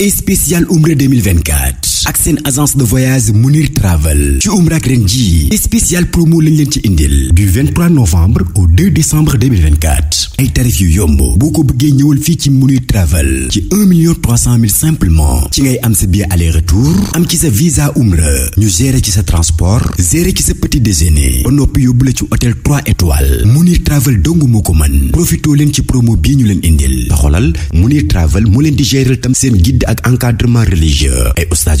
et spécial Oumbre 2024 ak seen agence de voyage Munir Travel ci umrak ren spécial promo lañ leen ci indil du 23 novembre au 2 décembre 2024 ay tarif yu yombo boo ko ñëwul fi ci Munir Travel ci 1 million 300 000 simplement ci ngay am sa billet aller retour am ci sa visa umra ñu gérer ci sa transport gérer ci sa petit déjeuner ba noppi yóbbu la ci hôtel 3 étoiles Munir Travel donc moo man profito profitoo leen ci promo bi ñu leen indil taxolal Munir Travel mo leen di gérer tam seen guide ak encadrement religieux ay ustaas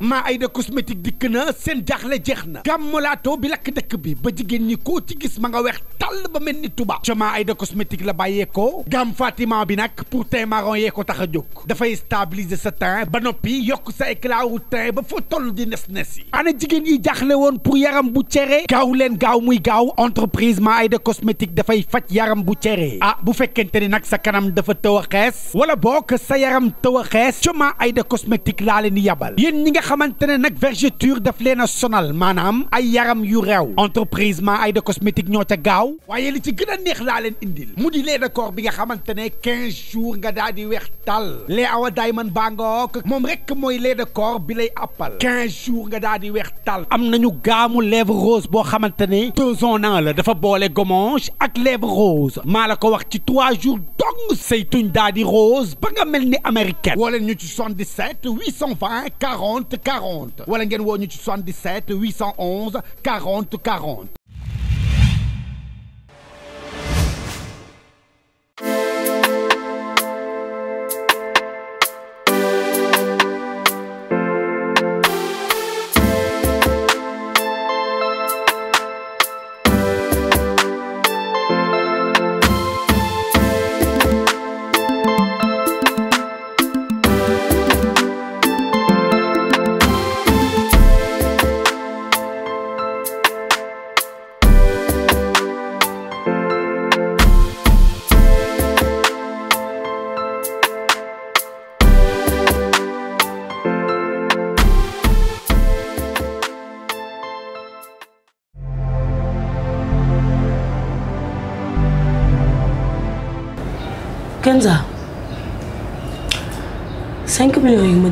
maa ay da cosmétique dikk na seen jaaxle jeex na gàmmolaatoo bi lakk dëkk bi ba jigéen ñi koo ci gis ma nga weex tàll ba mel ni tubaab ca ay da cosmétique la bàyyee ko gaam Fatima bi nag pour teint marron yee ko tax a jóg dafay stabiliser sa temps ba noppi yokk sa éclat wu teint ba foo toll di nes nes yi ana jigéen yi jaaxle woon pour yaram bu cere gaaw leen gaaw muy gaaw entreprise maa ay da cosmétique dafay faj yaram bu cere ah bu fekkente ni nag sa kanam dafa tëw a xees wala boog sa yaram tëw a ay da cosmétique xamantene nak nag vergeture daf leen a sonal maanaam ay yaram yu rew entreprise ma ay de cosmétique ñoo ca gaaw waaye li ci gën a neex laa leen indil mu di lait de corps bi nga xamantene 15 jours nga daal di weex tàll awa diamond bangok nga moom rek mooy lait de corps bi lay appal 15 jours nga daal di weex tàll am nañu gaamu lèvre rose boo xamantene ne deux ans la dafa boole gommage ak lèvre rose maa la ko wax ci 3 jours dong saytuñ daal di rose ba nga mel ni américaine woo leen ñu ci 77 820 40 40 wala 77 811 40 40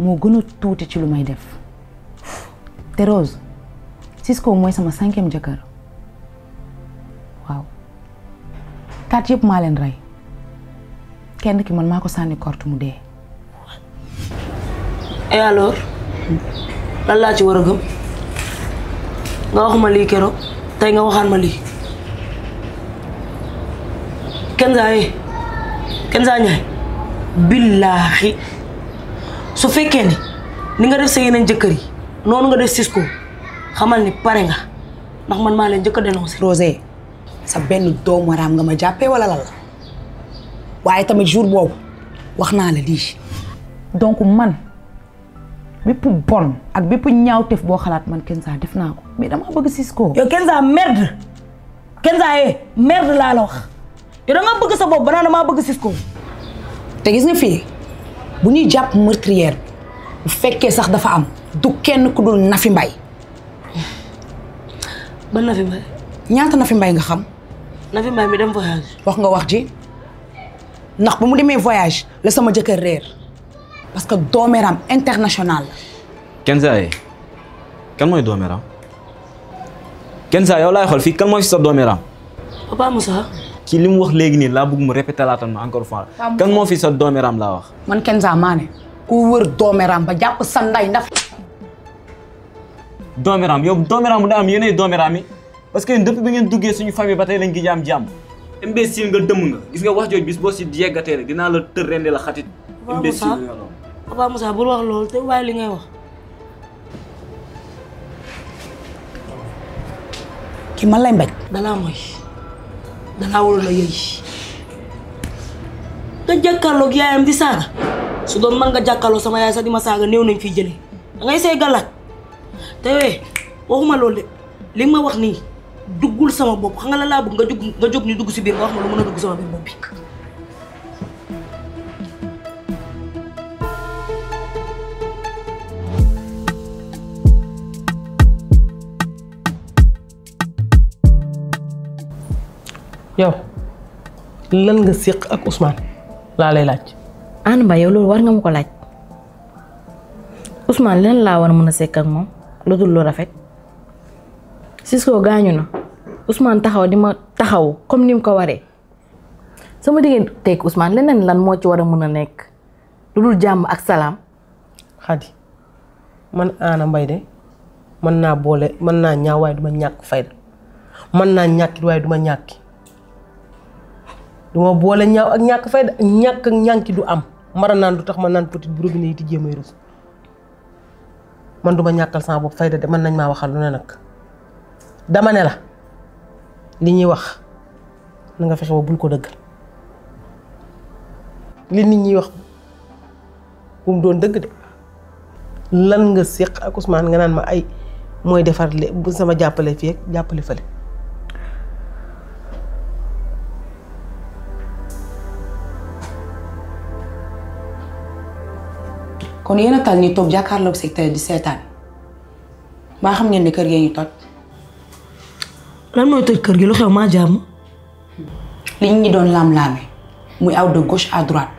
moo gën a tuuti ci lu may def te Rose Cisco mooy sama cinquième jëkkër waaw quatre yëpp maa leen rey kenn ki man maa ko sànni korte mu dee. et alors lan laa ci war a gëm nga wax ma lii keroog tey nga waxaan ma lii Kenza yee eh? Kenza ñaay billaahi su fekkee ni ni nga def sa yeneen jëkkër yi noonu nga def Cisco xamal ni pare nga ndax man maa leen njëkk a dénoncé. Rosé sa benn doomu raam nga ma jàppee wala lan la waaye tamit jour boobu wax naa la lii. donc man bépp bon ak bépp ñaawteef boo xalaat man saa def naa ko mais damaa bëgg Cisco. yow Kenza merde Kenza yee eh, merde laa la wax yow da bëgg sa bopp ba naan damaa bëgg Cisco. te gis nga fii bu ñuy jàpp meurtrière bu fekkee sax dafa am du kenn ku dul Nafi mbay ba Nafi Mbaye ñaata Nafi Mbaye nga xam Nafi Mbaye mi dem voyage wax nga wax ji ndax bu mu demee voyage la sama jëkkër réer parce que doomeram international la Kenza yi eh, kan mooy doomeram Kenza yow laay xool fii kan mooy fi sa doomeram Papa Moussa ci li mu wax léegi nii laa bëgg mu répété laatal encore fois. kan sa dooméram laa wax. man Kenza Mané ku wër dooméram ba jàpp sa nday ndax. dooméram yow mu am yéenay dooméram yi parce que depuis bi ngeen duggee suñu famille ba tey gi jaam jàmm. wax jooju dinaa la tër rendi la li ngay wax. ki man lay mbaj. dalaa mooy. dangaa waroon a yëy nga jàkkaarloog yaayam di saaga su doon mën nga jàkkaarloo sama yaay sax di ma saaga néew nañ fii jëlee dangay say galaat te wee waxuma loolu de li ma wax nii duggul sama bopp xam nga la laa bëgg nga jóg nga jóg ñu dugg si biir nga wax ma lu mën a dugg sama biir bopp yow lan nga séq ak usmaan laa lay laaj. Anne Ba yow loolu war nga ma ko laaj usmaan lan laa war a mën a séq ak moom lu dul lu rafet Cisco gaañu na usmaan taxaw di ma taxaw comme ni mu ko waree sama diggante teeg Ousmane leneen lan moo ci war a mën a nekk lu dul jàmm ak salaam. Xadi man Anna Mbaye de mën naa boole mën naa ñaaw waaye du ma ñàkk fayda mën naa ñàkkit waaye du ma ñàkki du boole ñaaw ak ñàkk fayda ñàkk ñànki du am mara naan du tax ma naan petit bu robinet yi tijjee may rus man du ñàkkal sama boobu fayda de man nañ maa waxal lu ne nag dama ne la li ñuy wax lu nga fexe ba bul ko dëggal li nit ñi wax bu doon dëgg de lan nga séq ak Ousmane nga naan ma ay mooy defar le sama jàppale fii jàppale fële kon yéen a tal ni toog jàkkaarloog secteur di seetaan baa xam ngeen ni kër gee ngi toj. lan mooy toj kër gi lu xew maa jàmm. li ñu doon laam-laame muy aw de gauche à droite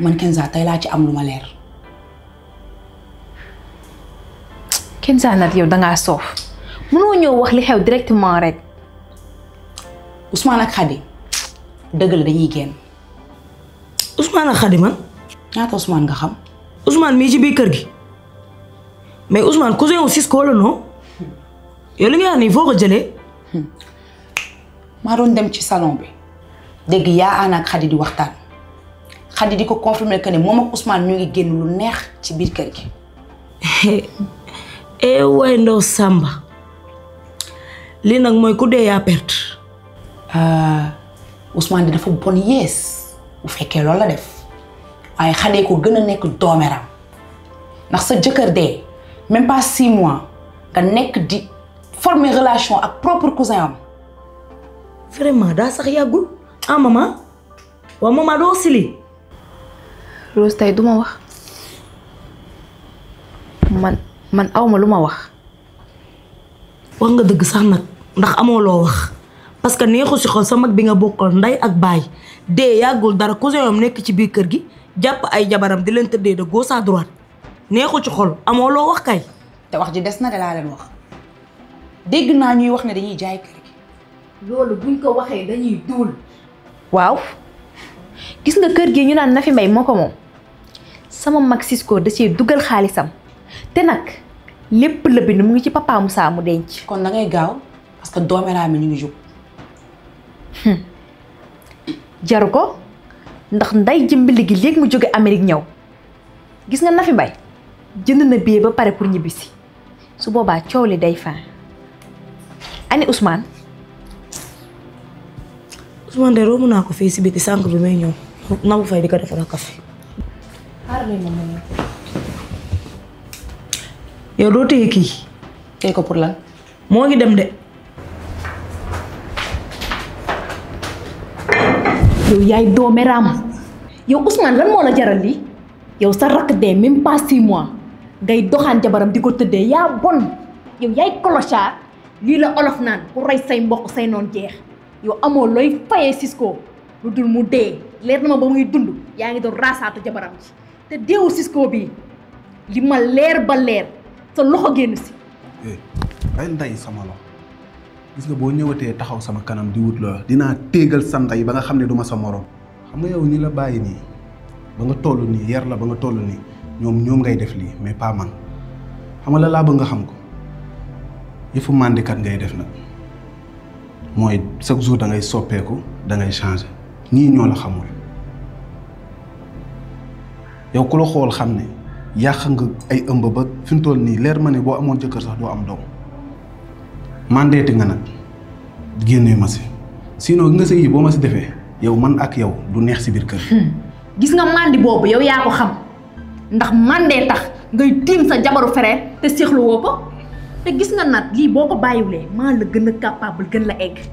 man Kenza tey laa ci am lu ma leer. Kenza nag yow dangaa soof mënoo ñëw wax li xew directement rek. Ousmane ak Khady dëgg la dañuy génn. Ousmane ak Khady man. ñaata Ousmane nga xam. Ousmane mii ci biir kër gi mais Ousmane cousin wu Cisco la non yow li nga wax nii foo ko jëlee. maa doon dem ci salon bi dégg yaa ànd ak di waxtaan Xadi di ko confirmer que ne moom ak Ousmane ñu ngi génn lu neex ci biir kër gi. eh waay ndaw sàmba lii nag mooy ku dee yaa perte. Euh, Ousmane di dafa bon yees bu fekkee loolu la def. ay xale yi ko gën a nekk doomeram ndax sa jëkkër dee même pas six mois nga nekk di former relation ak propre cousin am vraiment daa sax yàggul ah maman waaw maman doo sili Rose tey duma wax man man awma lu ma wax wax nga dëgg sax nag ndax amoo loo wax parce que neexu si xol sa bi nga bokkal nday ak baay dee yàggul dara cousin yam nekk ci biir kër gi jàpp ay jabaram di leen tëddee da goo à droite neexu ci xol amoo loo wax kay. te wax ji des na de laa leen wax dégg naa ñuy wax ne dañuy jaay kër gi. loolu buñ ko waxee dañuy duul. waaw gis nga kër gi ñu naan na fi Mbay moo ko moom sama mag sisko da cee dugal xaalisam te nag lépp la bind mu ngi ci papa Moussa mu denc. kon da ngay gaaw parce que dooméraa mi ñu ngi jóg. jaru ko. ndax nday jëmbi léegi léegi mu jóge Amérique ñaw gis nga Nafi bay jënd na billet ba pare pour ñibbisi su boobaa coow li day faa ani Ousmane. Ousmane de romb naa ko fii si biti sànq bi may ñëw Nabou Faye di ko defal café. yow doo téye kii. téye ko pour lan. moo ngi dem de. yow yaay ram yow Ousmane lan mo la jaral li yow sa rak de même pas 6 mois ngay doxan jabaram diko ko ya bon yow yaay clochard li la olof nan ku ray say mbokk say non jeex yow amo loy fayé Cisco lu dul mu dé lér na ba muy dund yaa ngi doon raasaatu jabaram ci te deewu Cisco bi li ma lér ba lér sa loxo génn si. eh ay nday sama loxo gis nga bo ñëwatee taxaw sama kanam di wut la dina tégal santa yi ba nga xamné duma sa morom xam nga yow ni la bayyi ni ba nga tollu ni yar la ba nga tollu ni ñom ñom ngay def li mais pas man xam nga la ba nga xam ko yëfu kat ngay def nak moy chaque jour da ngay da ngay changer ni ñoo la xamul yow ku la xol nga ay ëmb ba fiñ toll ni lèr mané bo sax do am doom mandeete nga nag génnee ma si sinon nga sa yi boo ma si defee yow man ak yow du neex si biir kër. Hmm. gis nga mandi boobu yow yaa ko xam ndax mandee tax ngay tiim sa jabaru frère te seexlu woo ko te gis nga nag lii boo ko bàyyiwulee maa la gën a capable gën la egg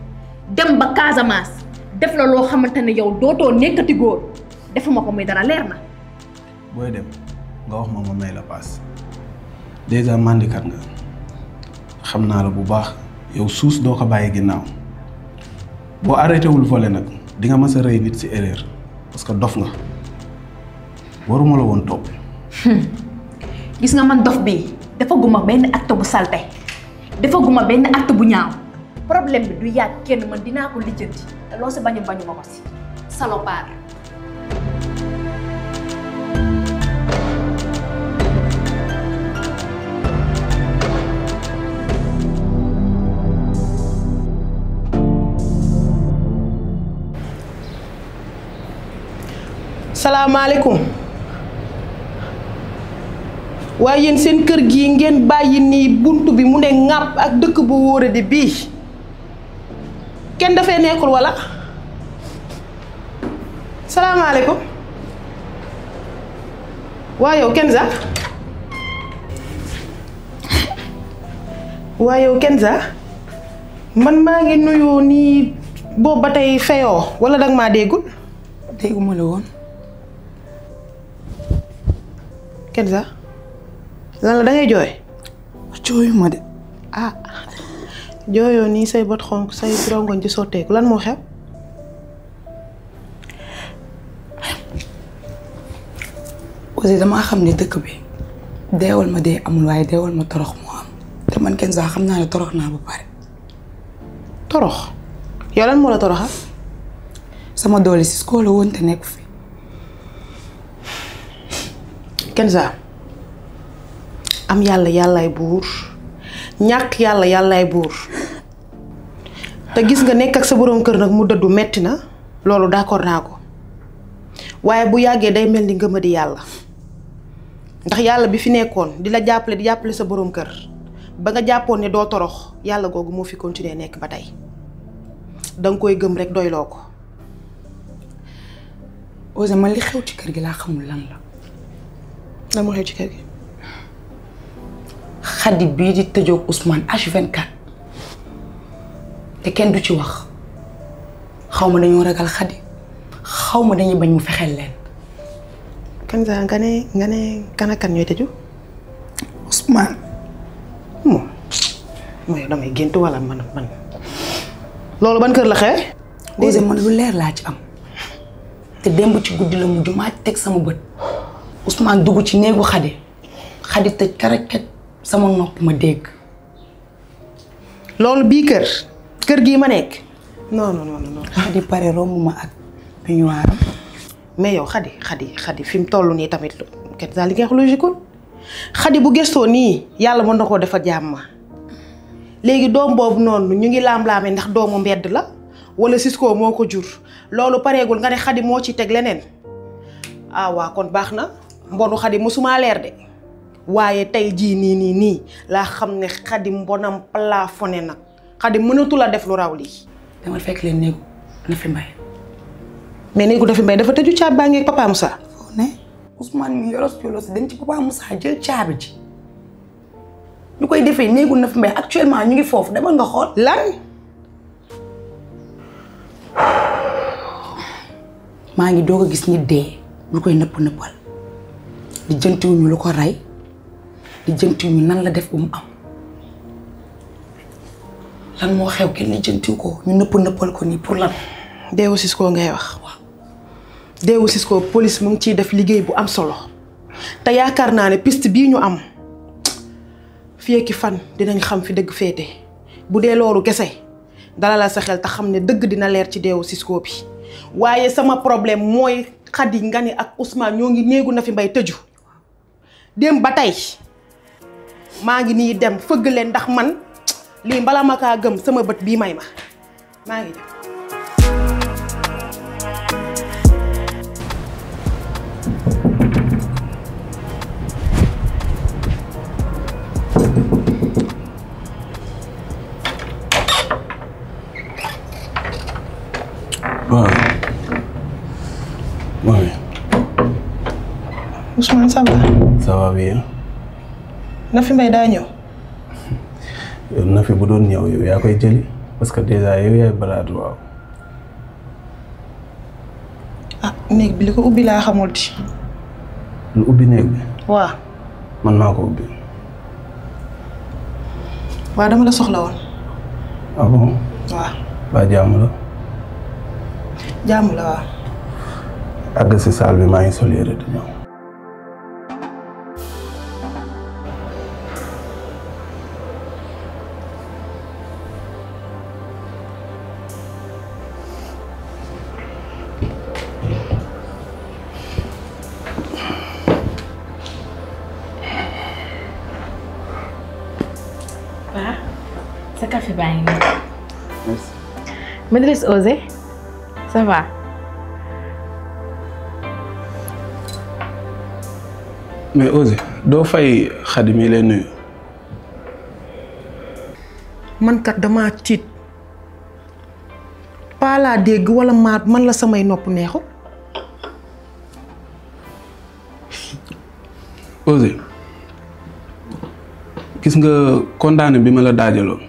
dem ba Casamance def la loo xamante ne yow dootoo nekkati góor defuma ko muy dara leer na. booy dem nga wax ma ma may la paas déjà mandikat nga xam naa la bu baax. yow sous do ko baye ginnaw bo arrêté wul volé nak di nga mësa reuy nit si erreur parce que dof nga waruma la won top hmm. gis nga man dof bi dafa guma ben acte bu salté dafa guma ben acte bu ñaaw problème bi du yaak kenn man dina ko lijeenti lo loo si bañu bañu mako ci salopard. Assalamualaikum. way yeen seen keur gi ngeen bayyi ni buntu bi mu ne ngap ak dekk bu wore di ken da nekul wala salaamaaleykum waa yow Kenza Wa yow Kenza man maa ngi ni nii batay ba wala danga ma degul won Kenza lan la da ngay jooy. jooyuma de ah jooyoo nii say bët xonk say rongoñ ci sotteeku lan moo xew. aussi damaa xam ne dëkk bi deewal ma dee amul waaye deewal ma torox moo am te man Kenza xam naa ne torox naa ba pare. torox yow lan moo la toroxa sama doole si koo la woon nekku fii Kenza am yàlla yàllaay buur ñàkk yàlla yàllaay buur te gis nga nekk ak sa boroom kër nag mu dëddu metti na loolu d'accord naa ko waaye bu yàggee day mel ni ngëma di yàlla ndax yàlla bi fi nekkoon di la jàppale di jàppale sa boroom kër ba nga jàppoon ne doo torox yàlla googu moo fi continuer nekk ba tey danga koy gëm rekk doyloo ko Ouzin man li xew ci kër gi laa xamul lan la na kan mu xew ci kër gi. xaddi bii di tëjoog Ousmane H24 te kenn du ci wax xaw ma dañoo ragal xaddi xaw ma dañuy bañ mu fexeel leen. kan sax nga ne nga ne kan ak kan ñooy tëju. Ousmane moom mooy damay gént wala man man loolu ban kër la xee. Eh? deuxième man lu leer laa ci am te démb ci guddi la mu jumaa teg sama bët. Ousmane dugg ci néegu xadi xadi tej karaket sama nopp ma dégg lolou bi kër kër gi ma nek non non non non xadi paré romb ma ak peignoir mais yow xadi xadi xadi fim tollu ni tamit ket dal li ngay wax logique xadi bu gesto ni yalla mo ndako koo defal jàmm léegi doom boobu noonu ñu ngi lam lamé ndax domu mbedd la wala sisko moko jur lolou paré gul nga ne xadi mo ci teg leneen ah wa kon baxna mbonu khadim musuma leer de waye tay ji ni ni ni la xamne ne bonam plafoné nak khadim meunatu la def lu raw lii. dama fekk leen néegu Nafi mbay mais néegu Nafi mbay dafa teju ci baa papa musa foo oh, ne Ousmane mi yoros yoros dem ci papa musa jël caabi ci ñu koy defee néegu Nafi mbay actuellement ñu ngi fofu dama nga xol lan. ma ngi doga gis nit koy di jëntiwuñu lu ko rey di nan la def bu am lan moo xew kenn li jëntiw ko ñu nëpp nëppal ko nii pour lan deewu Cisco ngay wax waaw deewu Cisco police mu ngi ciy def liggéey bu am solo te yaakaar naa ne piste bii ñu am fii fan dinañ xam fi dëgg féete bu dee loolu kese dala la sa xel te xam ne dëgg dina leer ci deewu Cisco bi waaye sama problème mooy Xadi nga ne ak usmaan ñoo ngi néegu na fi mbay tëju dem ba tey maa ngi ni dem feug len ndax man li mbala maka gem sama beut bi may ma ma ngi dem va bien. Nafi Mbaye daa ñëw. Nafi bu doon ñëw yow yaa koy jëli parce que déjà yow yaay bras droit. ah néeg bi li ko ubbi laa xamul ci. lu ubbi néeg bi. waaw. man maa ko ubbi. waaw dama la soxla woon. ah bon. waaw. waa jàmm la. jàmm la waaw. àgg si saal bi maa ngi di ñëw. café baa ngi nii. merci. Maîtresse Osé mais Osé doo fay xadi mi lay nuyu. man kat damaa tiit paa dégg wala maat man la samay nopp neexu. Osé gis nga condamné bi ma la daajaloo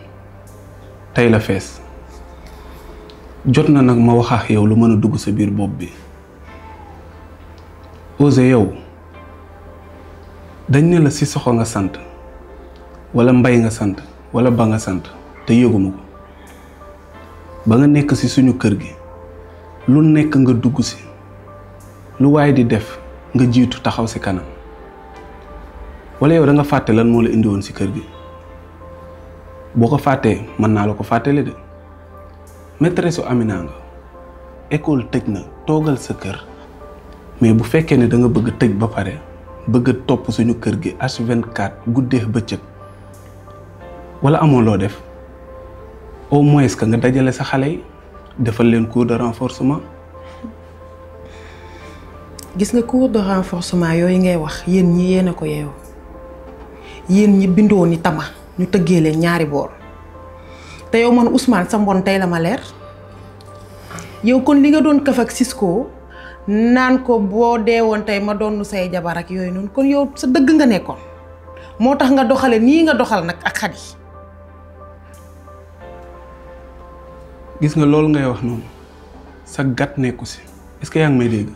tey la fees jot na nag ma wax ak lu mën a dugg sa biir bopp bi Ose yow dañ ne la ci soxo nga sant wala mbay nga sant wala ba nga sant te yëguma ko ba nga nekk ci suñu kër gi lu nekk nga dugg si lu waaye di def nga jiitu taxaw si kanam wala yow da nga fàtte lan moo la indi woon si kër gi boo ko fàttee mën naa la ko fàttali de maîtresse Amina nga école tëj na toogal sa kër mais bu fekkee ne da nga bëgg tëj ba pare bëgg topp suñu kër gi H24 guddee bëccëg wala amoo loo def au moins que nga dajale sa xale yi defal leen cours de renforcement. gis nga cours de renforcement yooyu ngay wax yéen ñi yéen ko yeewu yéen ñi bindoo ni tama. ñu tëggee leen ñaari bor te yow man Ousmane sa mbon tey la ma lèr yow kon li nga doon kaf ak Cisco nan ko dé won tay ma doon say jabar ak yoy noonu kon yow sa dëgg nga nékkon motax nga doxalé ni nga doxal nak ak xadi gis nga loolu ngay wax non sa gat nekku ci est-ce que may dégg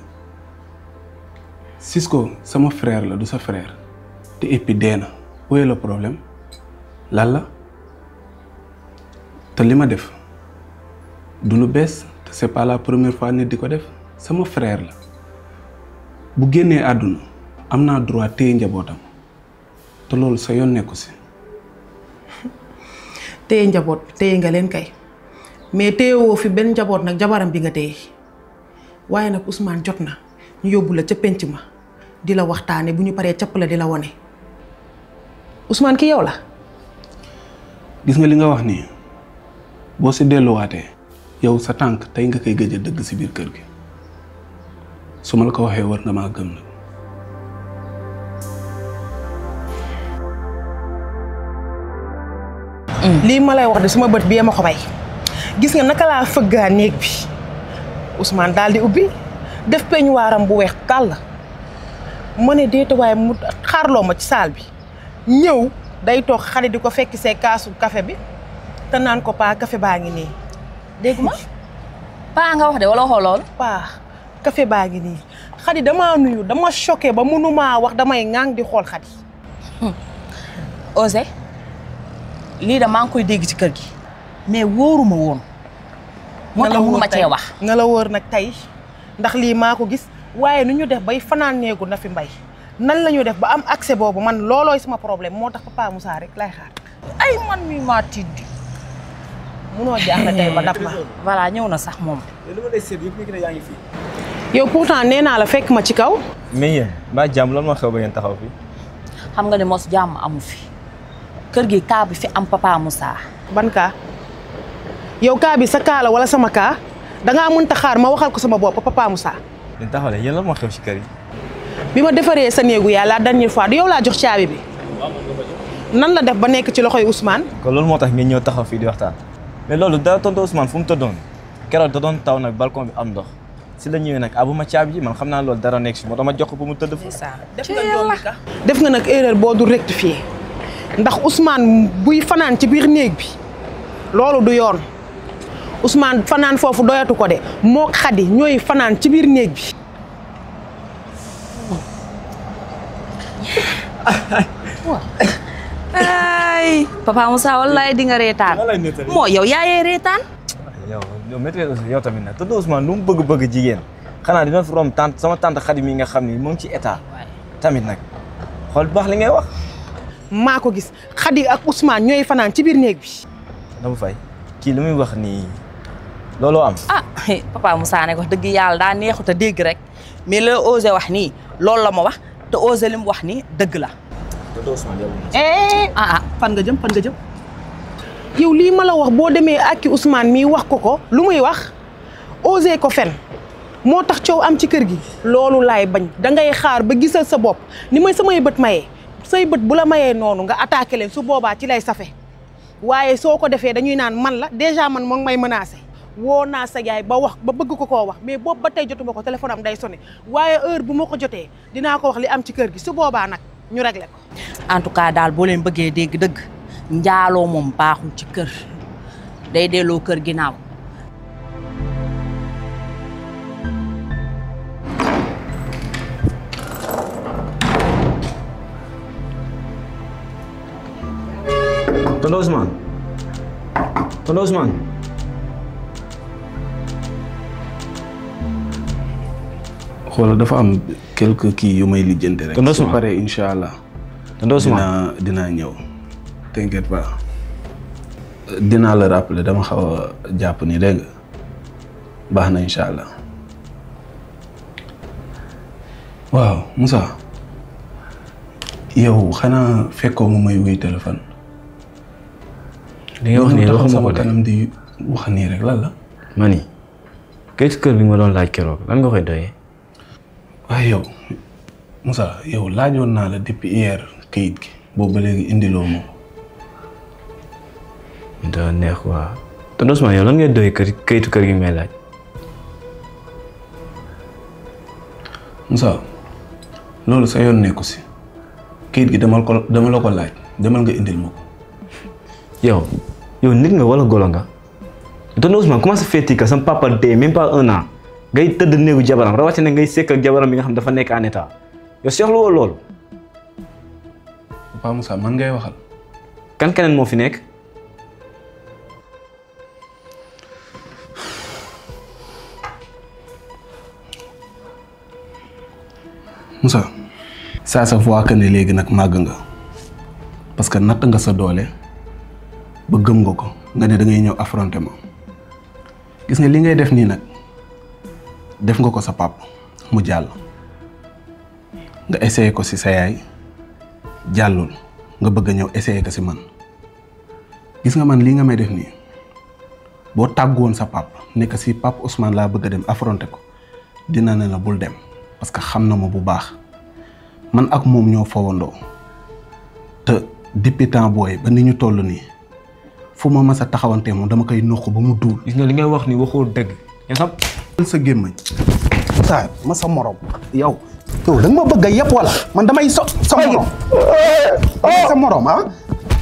Cisco sama frère la du sa frère te épi déna dee problem? le problème lan la te lima def du lu bes te c'est pas la première fois ni diko def sama frère la bu génnee aduna amna droit té njabotam te lolou sa yonne ko ci té njabot té nga len kay mais wo fi ben njabot nak jabaram bi nga té waye nak Ousmane jotna ñu yobul la ci penc ma di waxtane buñu paré ciap la di woné Ousmane ki yow la gis nga li nga wax ni ci delu waté yow sa tank tay nga kay gëjë dëgg ci biir kër gi suma la ko waxé war nga ma gëm na mm. li ma lay wax de suma bëtt bi yama ko bay gis nga naka la fëgga neeg bi Ousmane daldi ubi, ubbi def peñuwaaram bu weex kal mané dé taway mu xarlo ma ci salle bi ñew day toog xale di ko fekk see kaasu café bi te naan ko paa kafe baa ngi nii. dégg ma paa nga wax de wala waxoo loolu. paa café baa ngi nii xadi damaa nuyu dama choqué ba mënumaa wax damay ŋang di xool xadi. Hmm. Osé lii da maa ngi koy dégg ci kër gi. mais wóoruma woon. moo tax mënuma cee wax na la wóor nag tey ndax lii maa ko gis waaye nu ñu def bay fanaan neegu na fi mbay. nan lañu def ba am accès bobu man loloy sama problème motax papa Moussa rek lay xaar ay man mi ma tiddi mëno jaxna tay ba dab ma voilà ñew na sax mom li lay seet yëpp ñu ngi ne yow pourtant néna la fekk ma ci kaw meye ba jam lan mo xew ba ngeen taxaw fi xam nga ne mos jam amu fi kër gi ka bi fi am papa Moussa ban ka yow ka bi sa kaa la wala sama ka da nga mën xaar ma waxal ko sama bop papa Moussa yéen taxaw la yeen lan mo xew ci kër gi bi ma defaree sa néegu yàlla la dernière fois du yow laa jox caabi bi nan la def ba nekk ci loxo yi Ousmane. kon loolu moo tax ngeen ñëw taxaw fii di waxtaan mais loolu dara tontu Ousmane fu mu tëddoon keroog da doon taw nag balcon bi am ndox si la ñëwee nag abu ma caabi ji man xam loolu dara nekk si moo tax ma jox ko ba mu tëdd fa. def nga def nga nag erreur boo du rectifier ndax Ousmane buy fanaan ci biir néeg bi loolu du yoon usmaan fanaan foofu doyatu ko de moo xadi ñooy fanaan ci biir néeg bi. ai papa Musa wallahi dinga retan mo yow yaay retan yow yow metre yow tamit na tuddu Ousmane lu mu bëgg bëgg jigéen xanaa dina fi rom tante sama tante xadim kami, nga xam ni moom ci état tamit nag xool baax li ngay wax maa gis xadi ak Ousmane ñooy fanaan ci biir néeg bi dama fay kii li muy wax am ah papa Moussa ne wax dëgg yàlla daa neexut a dégg rek mais la osé wax nii la wax te osé lim wax ni dëgg la. Eh, ah ah fan nga jëm pan nga jëm. yow lii ma la wax boo demee àkki Ousmane mii wax ko ko lu muy wax osé ko fen moo tax coow am ci kër gi loolu laay bañ dangay xaar ba gisal sa bopp ni may samay bët mayee say bët bu la mayee noonu nga attaqué leen su boobaa ci lay safe waaye soo ko defee dañuy naan man la déjà man moom may menacé. wona sa yaay ba wax ba bëgg ko ko wax mais boobu ba tey jotuma ko téléphone am day sonné waye heure bu ma joté dina ko wax li am ci kër gi su boba nak ñu réglé ko. en tout cas dal bo leen bëggé dégg dëgg ndialo mom baaxul ci kër day délo kër ginnaaw. Tonton Ousmane Tonton Ousmane xoolal dafa am quelque kii yu may lijjanti rek. su paree incha allah. si dinaa dinaa ñëw. t'inquiète pas dinaa la rappeler dama xaw a jàpp ni dégg baax na incha allah waaw Moussa yow xanaa fekkoo mu may wuy téléphone. li nga wax nii wax nii rek lan la. ma ni kër bi ma doon laaj keroog lan nga koy doyee. waaye yow Moussa yow laajoon naa la depuis hier kayit gi boobu ba léegi indiloo moom daa neex waa tonton Ousmane yow lan ngay doy kër kayitu kër gi may laaj Moussa loolu sa yoon nekku si kayit gi dama ko dama la ko laaj demal nga indil ma ko yow nit nga wala golo nga tonton Ousmane comment ça fait que sama papa dee même pas un an ngay teud neegu jabaram rawatina ngay sekk ak jabaram bi nga xam dafa nek en état yow soxla woo lol Papa musa man ngay waxal. kan kenen mo fi nek musa sa sa voix que ne léegi nak mag nga parce que nat nga sa dole ba nga ko nga ne da ngay ñew gis nga li ngay def ni nak def nga ko sa pap mu jall nga essayer ko si sa yaay jallul nga bëgg ñew essayer ko si man gis nga man li nga may def ni bo sa pap nekk si pap Ousmane la bëgg dem affronter ko dina na la bul dem parce que xamna mo bu baax man ak moom ñoo fawandoo te depuis temps booy ba ni ñu toll ni fu ma mas a mom dama kay nuq ba mu dul gis nga li ngay wax ni waxoo dëgg sa gémmañ ma sa morom yow yow da ma bëgg a yëpp wala man damay sa sa morom damay sa morom ah oh.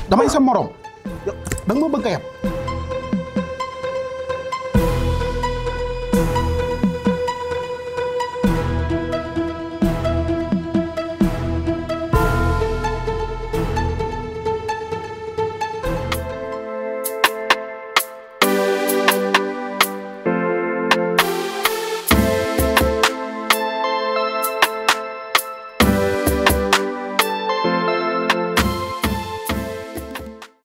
damay sa morom da ma bëgg a